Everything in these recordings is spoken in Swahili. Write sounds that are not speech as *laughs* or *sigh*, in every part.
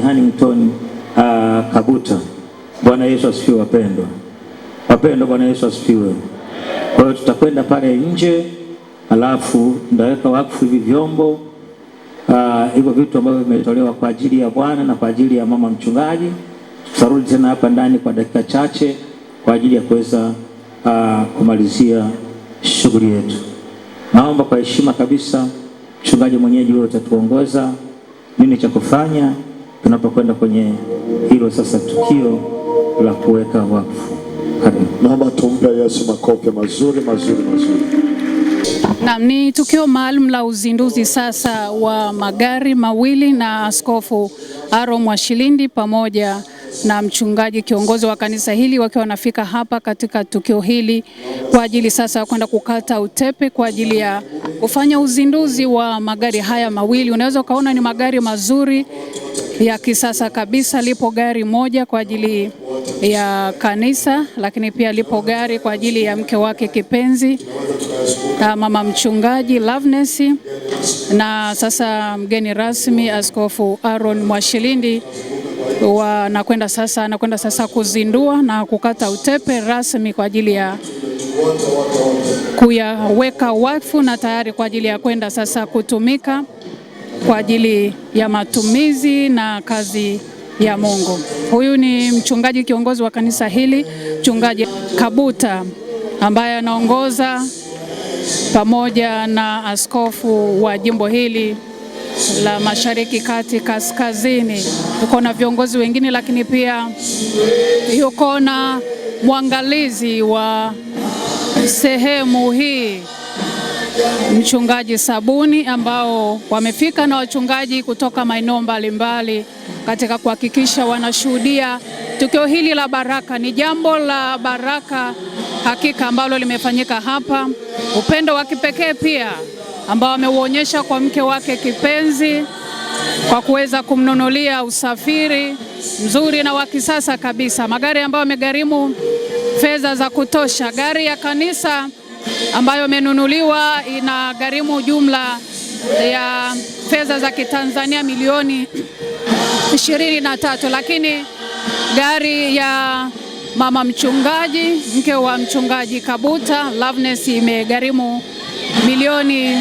Hannington uh, ah, Kabuta. Bwana Yesu asifiwe wapendwa. Wapendwa, Bwana Yesu asifiwe. Kwa hiyo tutakwenda pale nje, alafu ndaweka wakfu hivi vyombo ah, hivyo, uh, vitu ambavyo vimetolewa kwa ajili ya Bwana na kwa ajili ya mama mchungaji. Tutarudi tena hapa ndani kwa dakika chache kwa ajili ya kuweza uh, kumalizia shughuli yetu. Naomba kwa heshima kabisa, mchungaji mwenyeji wewe utatuongoza nini cha kufanya tunapokwenda kwenye hilo sasa tukio la kuweka wakfu. naomba tumpe Yesu makofi mazuri mazuri mazuri. Naam, ni tukio maalum la uzinduzi sasa wa magari mawili na Askofu Aro Mwashilindi pamoja na mchungaji kiongozi wa kanisa hili wakiwa wanafika hapa katika tukio hili kwa ajili sasa ya kwenda kukata utepe kwa ajili ya kufanya uzinduzi wa magari haya mawili. Unaweza ukaona ni magari mazuri ya kisasa kabisa. Lipo gari moja kwa ajili ya kanisa, lakini pia lipo gari kwa ajili ya mke wake kipenzi mama mchungaji Loveness, na sasa mgeni rasmi Askofu Aaron Mwashilindi wa, nakwenda sasa, nakwenda sasa kuzindua na kukata utepe rasmi kwa ajili ya kuyaweka wakfu na tayari kwa ajili ya kwenda sasa kutumika kwa ajili ya matumizi na kazi ya Mungu. Huyu ni mchungaji kiongozi wa kanisa hili, mchungaji Kabuta ambaye anaongoza pamoja na askofu wa jimbo hili la Mashariki Kati, Kaskazini. Tuko na viongozi wengine, lakini pia yuko na mwangalizi wa sehemu hii Mchungaji Sabuni, ambao wamefika na wachungaji kutoka maeneo mbalimbali katika kuhakikisha wanashuhudia tukio hili la baraka. Ni jambo la baraka hakika ambalo limefanyika hapa, upendo wa kipekee pia ambao ameuonyesha kwa mke wake kipenzi kwa kuweza kumnunulia usafiri mzuri na wa kisasa kabisa, magari ambayo amegharimu fedha za kutosha. Gari ya kanisa ambayo imenunuliwa ina gharimu jumla ya fedha za Kitanzania milioni ishirini na tatu, lakini gari ya mama mchungaji, mke wa mchungaji Kabuta Loveness imegharimu milioni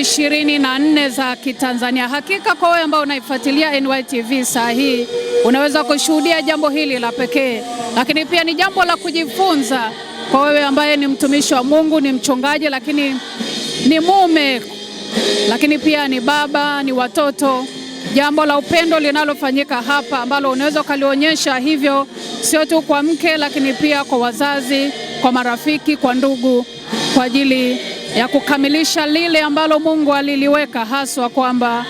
ishirini na nne za Kitanzania. Hakika kwa wewe ambao unaifuatilia NYTV saa hii unaweza kushuhudia jambo hili la pekee, lakini pia ni jambo la kujifunza kwa wewe ambaye ni mtumishi wa Mungu, ni mchungaji, lakini ni mume, lakini pia ni baba, ni watoto jambo la upendo linalofanyika hapa ambalo unaweza ukalionyesha hivyo, sio tu kwa mke, lakini pia kwa wazazi, kwa marafiki, kwa ndugu, kwa ajili ya kukamilisha lile ambalo Mungu aliliweka haswa kwamba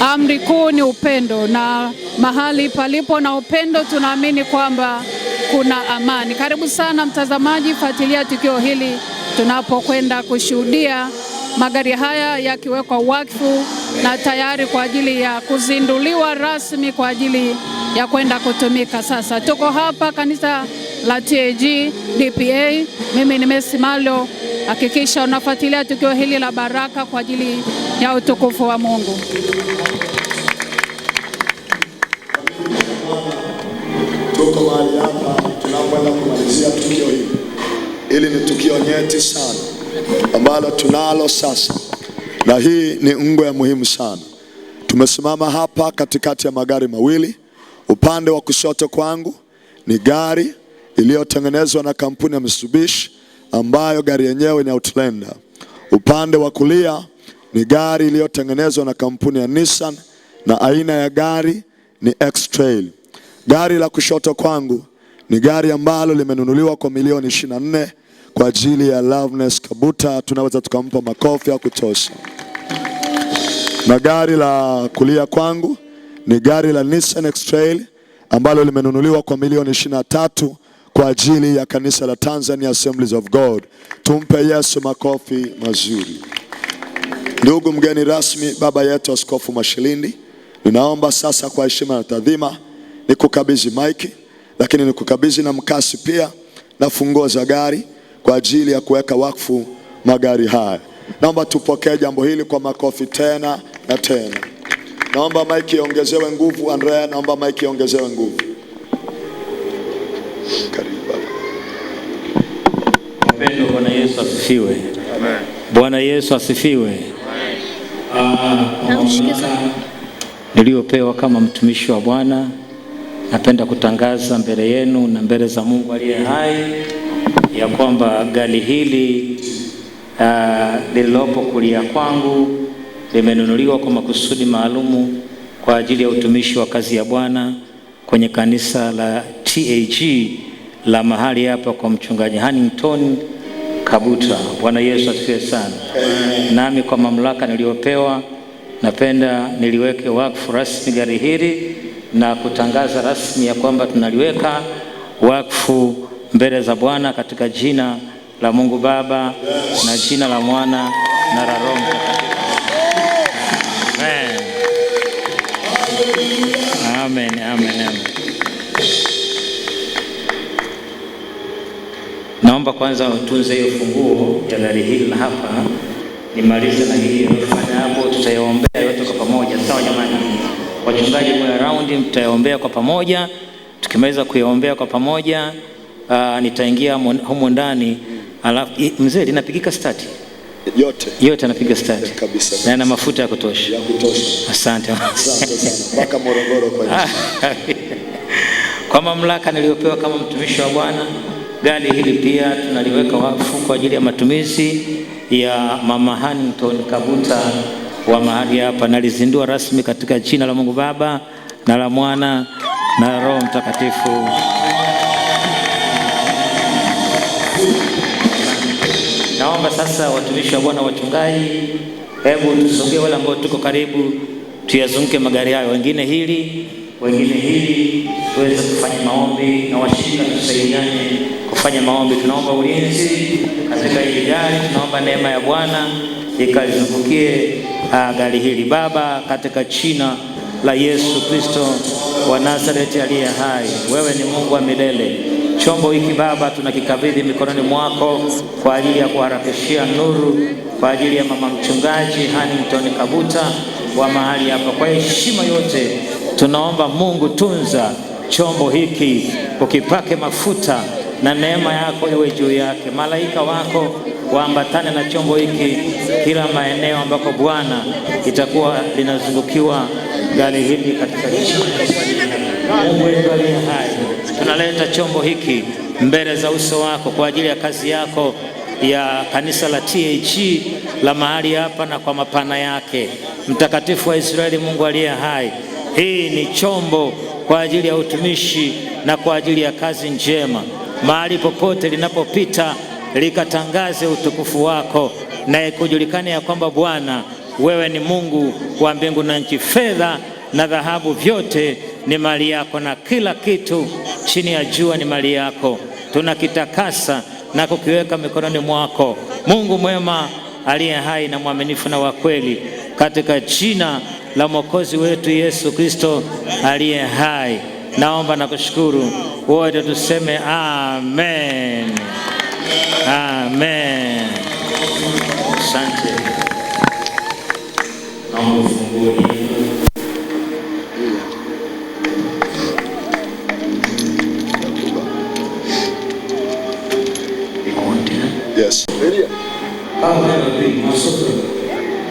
amri kuu ni upendo, na mahali palipo na upendo tunaamini kwamba kuna amani. Karibu sana mtazamaji, fuatilia tukio hili tunapokwenda kushuhudia magari haya yakiwekwa wakfu na tayari kwa ajili ya kuzinduliwa rasmi kwa ajili ya kwenda kutumika. Sasa tuko hapa kanisa la TAG DPA, mimi ni Messi Malo. Hakikisha unafuatilia tukio hili la baraka kwa ajili ya utukufu wa Mungu. Tuko mahali hapa tunakwenda kumalizia tukio hili. Hili ni tukio nyeti sana ambalo tunalo sasa, na hii ni ngo ya muhimu sana. Tumesimama hapa katikati ya magari mawili. Upande wa kushoto kwangu ni gari iliyotengenezwa na kampuni ya Mitsubishi ambayo gari yenyewe ni Outlander. Upande wa kulia ni gari iliyotengenezwa na kampuni ya Nissan na aina ya gari ni X-Trail. Gari la kushoto kwangu ni gari ambalo limenunuliwa kwa milioni 24 kwa ajili ya Loveness Kabuta, tunaweza tukampa makofi ya kutosha. Na gari la kulia kwangu ni gari la Nissan X-Trail ambalo limenunuliwa kwa milioni 23 kwa ajili ya kanisa la Tanzania Assemblies of God. Tumpe Yesu makofi mazuri. Ndugu mgeni rasmi, baba yetu Askofu Mashilindi, ninaomba sasa kwa heshima na tadhima nikukabidhi maiki, lakini nikukabidhi na mkasi pia na funguo za gari kwa ajili ya kuweka wakfu magari haya. Naomba tupokee jambo hili kwa makofi tena na tena. Naomba maiki iongezewe nguvu. Andrea, naomba maiki iongezewe nguvu. Karibu baba. Bwana Yesu asifiwe. Amen. Bwana Yesu asifiwe. Niliyopewa kama mtumishi wa Bwana, napenda kutangaza mbele yenu na mbele za Mungu aliye hai ya kwamba gari hili ah, lililopo kulia kwangu limenunuliwa kwa makusudi maalumu kwa ajili ya utumishi wa kazi ya Bwana kwenye kanisa la TAG la mahali hapa kwa mchungaji Hannington Kabuta. Bwana Yesu asifiwe sana. Nami kwa mamlaka niliyopewa, napenda niliweke wakfu rasmi gari hili na kutangaza rasmi ya kwamba tunaliweka wakfu mbele za Bwana katika jina la Mungu Baba na jina la Mwana na la Roho Amen. Amen, amen, amen. naomba kwanza utunze hiyo funguo ya gari hili la hapa, nimalize na hii baada hapo, tutayaombea yote kwa pamoja. Sawa jamani, wachungaji kwa round mtayaombea kwa pamoja. Tukimaliza kuyaombea kwa pamoja, ah, nitaingia humo ndani. Alafu mzee, linapigika start yote yote, anapiga start kabisa na ana mafuta ya kutosha ya kutosha. Asante, asante sana mpaka Morogoro kwa *laughs* kwa mamlaka niliyopewa kama mtumishi wa Bwana. Gari hili pia tunaliweka wakfu kwa ajili ya matumizi ya Mama Hanton Kabuta wa mahali hapa, nalizindua rasmi katika jina la Mungu Baba na la Mwana na Roho Mtakatifu. Naomba sasa watumishi wa Bwana, wachungaji, hebu tusogee, wale ambao tuko karibu tuyazunguke magari hayo, wengine hili wengine hili tuweze kufanya maombi na washirika, tusaidiane kufanya maombi. Tunaomba ulinzi katika hili gari, tunaomba neema ya Bwana ikalizungukie ah, gari hili Baba, katika jina la Yesu Kristo wa Nazareti aliye hai. Wewe ni Mungu wa milele. Chombo hiki Baba tunakikabidhi mikononi mwako kwa ajili ya kuharakishia nuru kwa ajili ya mama mchungaji Hanington Kabuta wa mahali hapa, kwa heshima yote Tunaomba Mungu, tunza chombo hiki ukipake mafuta na neema yako iwe juu yake. Malaika wako waambatane na chombo hiki kila maeneo ambako Bwana itakuwa linazungukiwa gari hili katika Mungu wetu aliye hai, tunaleta chombo hiki mbele za uso wako kwa ajili ya kazi yako ya kanisa la th la mahali hapa na kwa mapana yake. Mtakatifu wa Israeli, Mungu aliye hai hii ni chombo kwa ajili ya utumishi na kwa ajili ya kazi njema. Mahali popote linapopita likatangaze utukufu wako na ikujulikane ya kwamba Bwana wewe ni Mungu wa mbingu na nchi. Fedha na dhahabu vyote ni mali yako, na kila kitu chini ya jua ni mali yako. Tunakitakasa na kukiweka mikononi mwako, Mungu mwema aliye hai na mwaminifu na wa kweli, katika jina la Mwokozi wetu Yesu Kristo aliye hai. Naomba na kushukuru wote, tuseme amen, amen. Asante. Yes. Yes. Yes. Yes.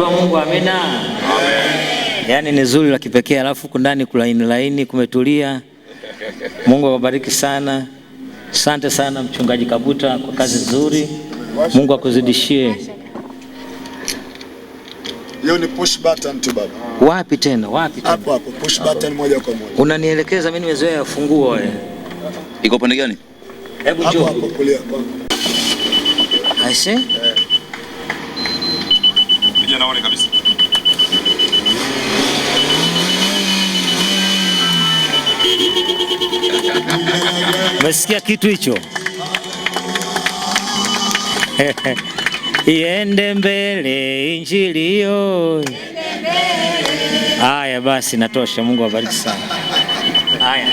watu wa Mungu, amina. Amen. Yaani ni zuri la kipekee, alafu huku ndani kulaini laini, kumetulia. Mungu awabariki sana. Asante sana mchungaji Kabuta kwa kazi nzuri. Mungu akuzidishie. Leo ni push button tu baba. Wapi tena? Wapi tena? Hapo hapo push button moja kwa moja. Unanielekeza mimi nimezoea ufunguo wewe. Eh. Iko pande gani? Hebu njoo. Hapo hapo kulia. Aise? Eh. Umesikia kitu hicho? *laughs* Iende mbele injili hiyo. Haya basi, natosha. Mungu awabariki sana. Haya.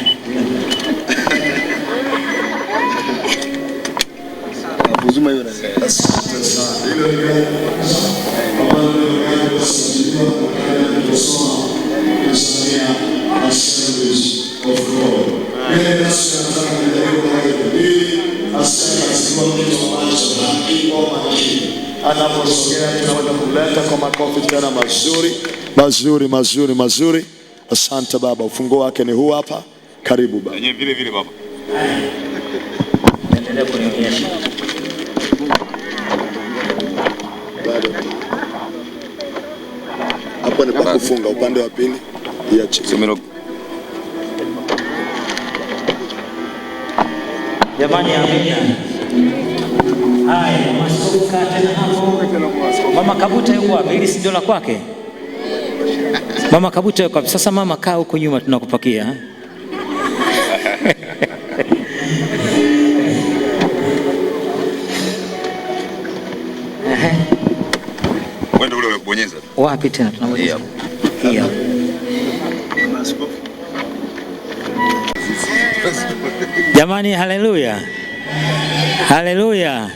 kuleta kwa makofi tena mazuri mazuri mazuri mazuri. Asante Baba, ufunguo wake ni huu hapa. Karibu Baba. Yeye Vile vile Baba. Hapo ni pa kufunga upande wa pili ya chini. Jamani, amina. Haya, masuka tena hapo. Mama Kabuta yuko wapi? Hili si dola kwake. Mama Kabuta yuko wapi? Sasa mama, kaa huko nyuma, tunakupakia. *laughs* Wende ule unabonyeza. Wapi tena tunabonyeza? Hiyo. Jamani, haleluya. Haleluya.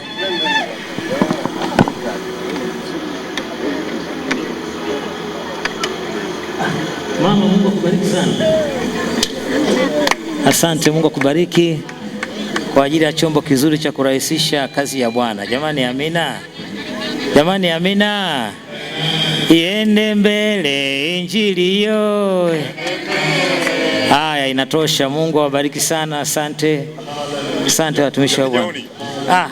Mama, Mungu akubariki sana. Asante, Mungu akubariki kwa ajili ya chombo kizuri cha kurahisisha kazi ya Bwana. Jamani, amina. Jamani, amina. Iende mbele injili yo. Haya, inatosha. Mungu awabariki sana. Asante, asante watumishi wa Bwana. Ah.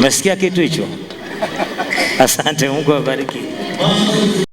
Mesikia kitu hicho? Asante, Mungu awabariki.